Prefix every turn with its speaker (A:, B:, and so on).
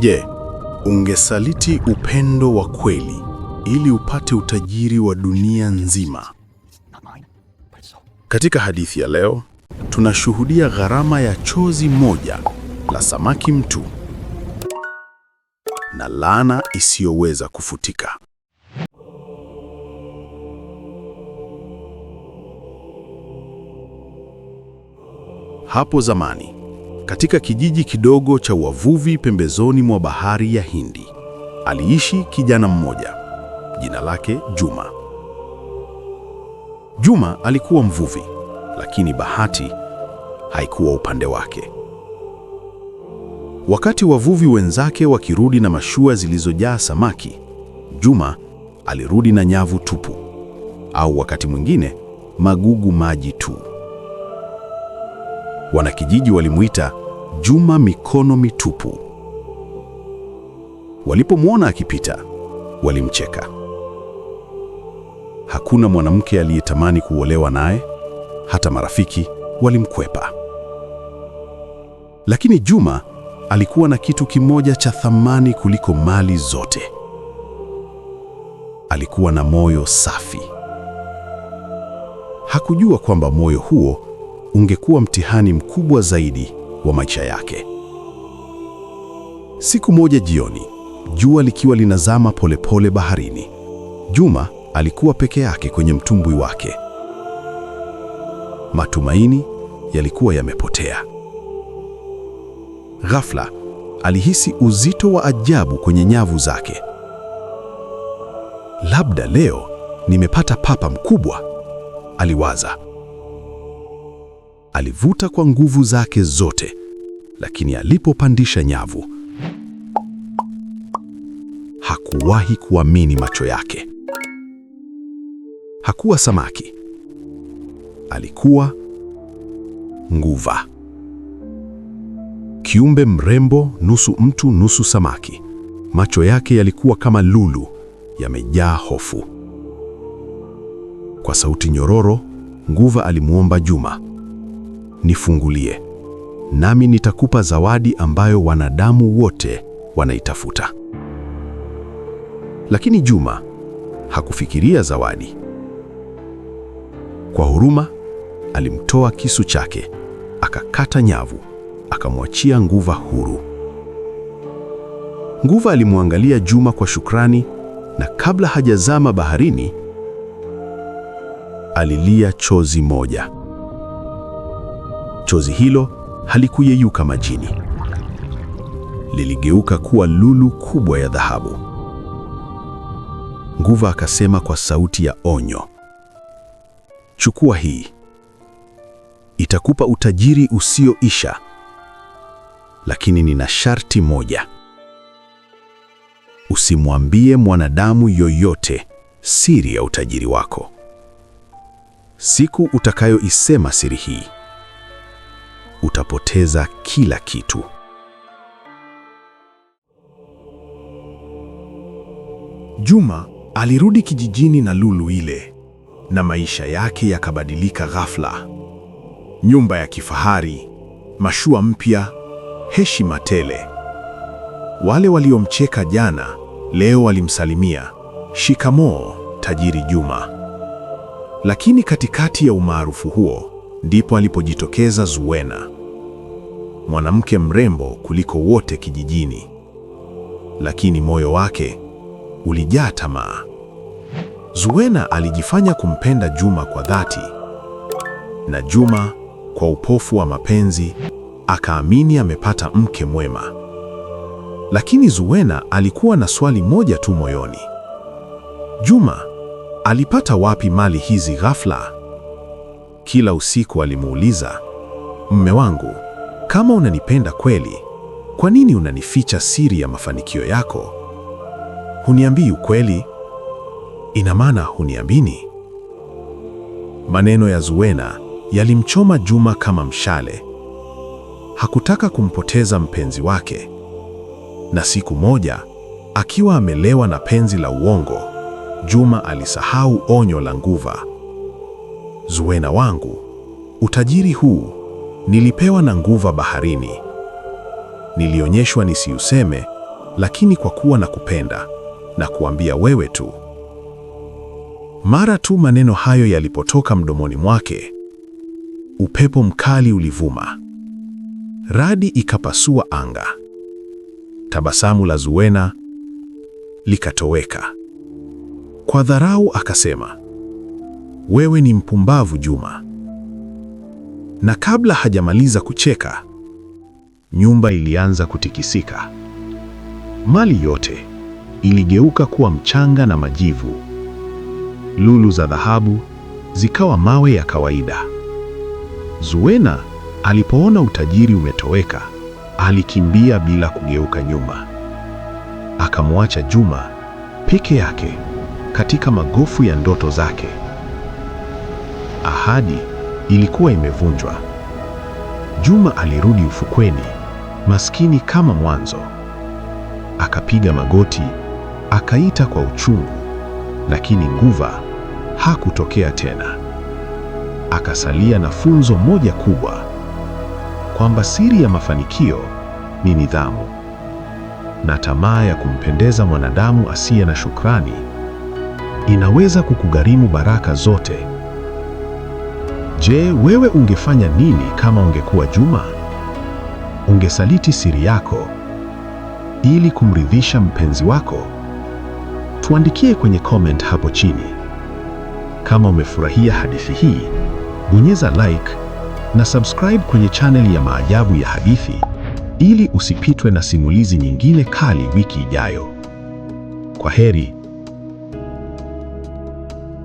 A: Je, ungesaliti upendo wa kweli ili upate utajiri wa dunia nzima? Katika hadithi ya leo tunashuhudia gharama ya chozi moja la samaki mtu na laana isiyoweza kufutika. Hapo zamani katika kijiji kidogo cha wavuvi pembezoni mwa bahari ya Hindi. Aliishi kijana mmoja, jina lake Juma. Juma alikuwa mvuvi, lakini bahati haikuwa upande wake. Wakati wavuvi wenzake wakirudi na mashua zilizojaa samaki, Juma alirudi na nyavu tupu, au wakati mwingine magugu maji tu. Wanakijiji walimuita Juma Mikono Mitupu. Walipomwona akipita, walimcheka. Hakuna mwanamke aliyetamani kuolewa naye, hata marafiki walimkwepa. Lakini Juma alikuwa na kitu kimoja cha thamani kuliko mali zote. Alikuwa na moyo safi. Hakujua kwamba moyo huo ungekuwa mtihani mkubwa zaidi wa maisha yake. Siku moja jioni, jua likiwa linazama polepole pole baharini, Juma alikuwa peke yake kwenye mtumbwi wake. Matumaini yalikuwa yamepotea. Ghafla alihisi uzito wa ajabu kwenye nyavu zake. Labda leo nimepata papa mkubwa, aliwaza. Alivuta kwa nguvu zake zote, lakini alipopandisha nyavu hakuwahi kuamini macho yake. Hakuwa samaki, alikuwa nguva, kiumbe mrembo, nusu mtu nusu samaki. Macho yake yalikuwa kama lulu, yamejaa hofu. Kwa sauti nyororo, nguva alimwomba Juma nifungulie, nami nitakupa zawadi ambayo wanadamu wote wanaitafuta. Lakini Juma hakufikiria zawadi. Kwa huruma, alimtoa kisu chake, akakata nyavu, akamwachia Nguva huru. Nguva alimwangalia Juma kwa shukrani, na kabla hajazama baharini, alilia chozi moja. Chozi hilo halikuyeyuka majini, liligeuka kuwa lulu kubwa ya dhahabu. Nguva akasema kwa sauti ya onyo, chukua hii, itakupa utajiri usioisha, lakini nina sharti moja: usimwambie mwanadamu yoyote siri ya utajiri wako. Siku utakayoisema siri hii utapoteza kila kitu. Juma alirudi kijijini na lulu ile, na maisha yake yakabadilika ghafla. Nyumba ya kifahari, mashua mpya, heshima tele. Wale waliomcheka jana leo walimsalimia shikamoo, tajiri Juma. Lakini katikati ya umaarufu huo ndipo alipojitokeza zuena mwanamke mrembo kuliko wote kijijini, lakini moyo wake ulijaa tamaa. zuena alijifanya kumpenda Juma kwa dhati, na Juma kwa upofu wa mapenzi akaamini amepata mke mwema. Lakini zuena alikuwa na swali moja tu moyoni: Juma alipata wapi mali hizi ghafla? Kila usiku alimuuliza, mme wangu, kama unanipenda kweli, kwa nini unanificha siri ya mafanikio yako? Huniambii ukweli? Ina maana huniamini? Maneno ya Zuwena yalimchoma Juma kama mshale. Hakutaka kumpoteza mpenzi wake. Na siku moja, akiwa amelewa na penzi la uongo, Juma alisahau onyo la nguva. Zuena wangu, utajiri huu nilipewa na nguva baharini. Nilionyeshwa nisiuseme, lakini kwa kuwa na kupenda na kuambia wewe tu. Mara tu maneno hayo yalipotoka mdomoni mwake, upepo mkali ulivuma, radi ikapasua anga, tabasamu la Zuena likatoweka. Kwa dharau akasema wewe ni mpumbavu Juma. Na kabla hajamaliza kucheka, nyumba ilianza kutikisika. Mali yote iligeuka kuwa mchanga na majivu. Lulu za dhahabu zikawa mawe ya kawaida. Zuena alipoona utajiri umetoweka, alikimbia bila kugeuka nyuma. Akamwacha Juma peke yake katika magofu ya ndoto zake. Ahadi ilikuwa imevunjwa. Juma alirudi ufukweni, maskini kama mwanzo. Akapiga magoti, akaita kwa uchungu, lakini Nguva hakutokea tena. Akasalia na funzo moja kubwa, kwamba siri ya mafanikio ni nidhamu, na tamaa ya kumpendeza mwanadamu asiye na shukrani inaweza kukugharimu baraka zote. Je, wewe ungefanya nini kama ungekuwa Juma? Ungesaliti siri yako ili kumridhisha mpenzi wako? Tuandikie kwenye comment hapo chini. Kama umefurahia hadithi hii, bonyeza like na subscribe kwenye channel ya Maajabu ya Hadithi ili usipitwe na simulizi nyingine kali wiki ijayo. Kwa heri.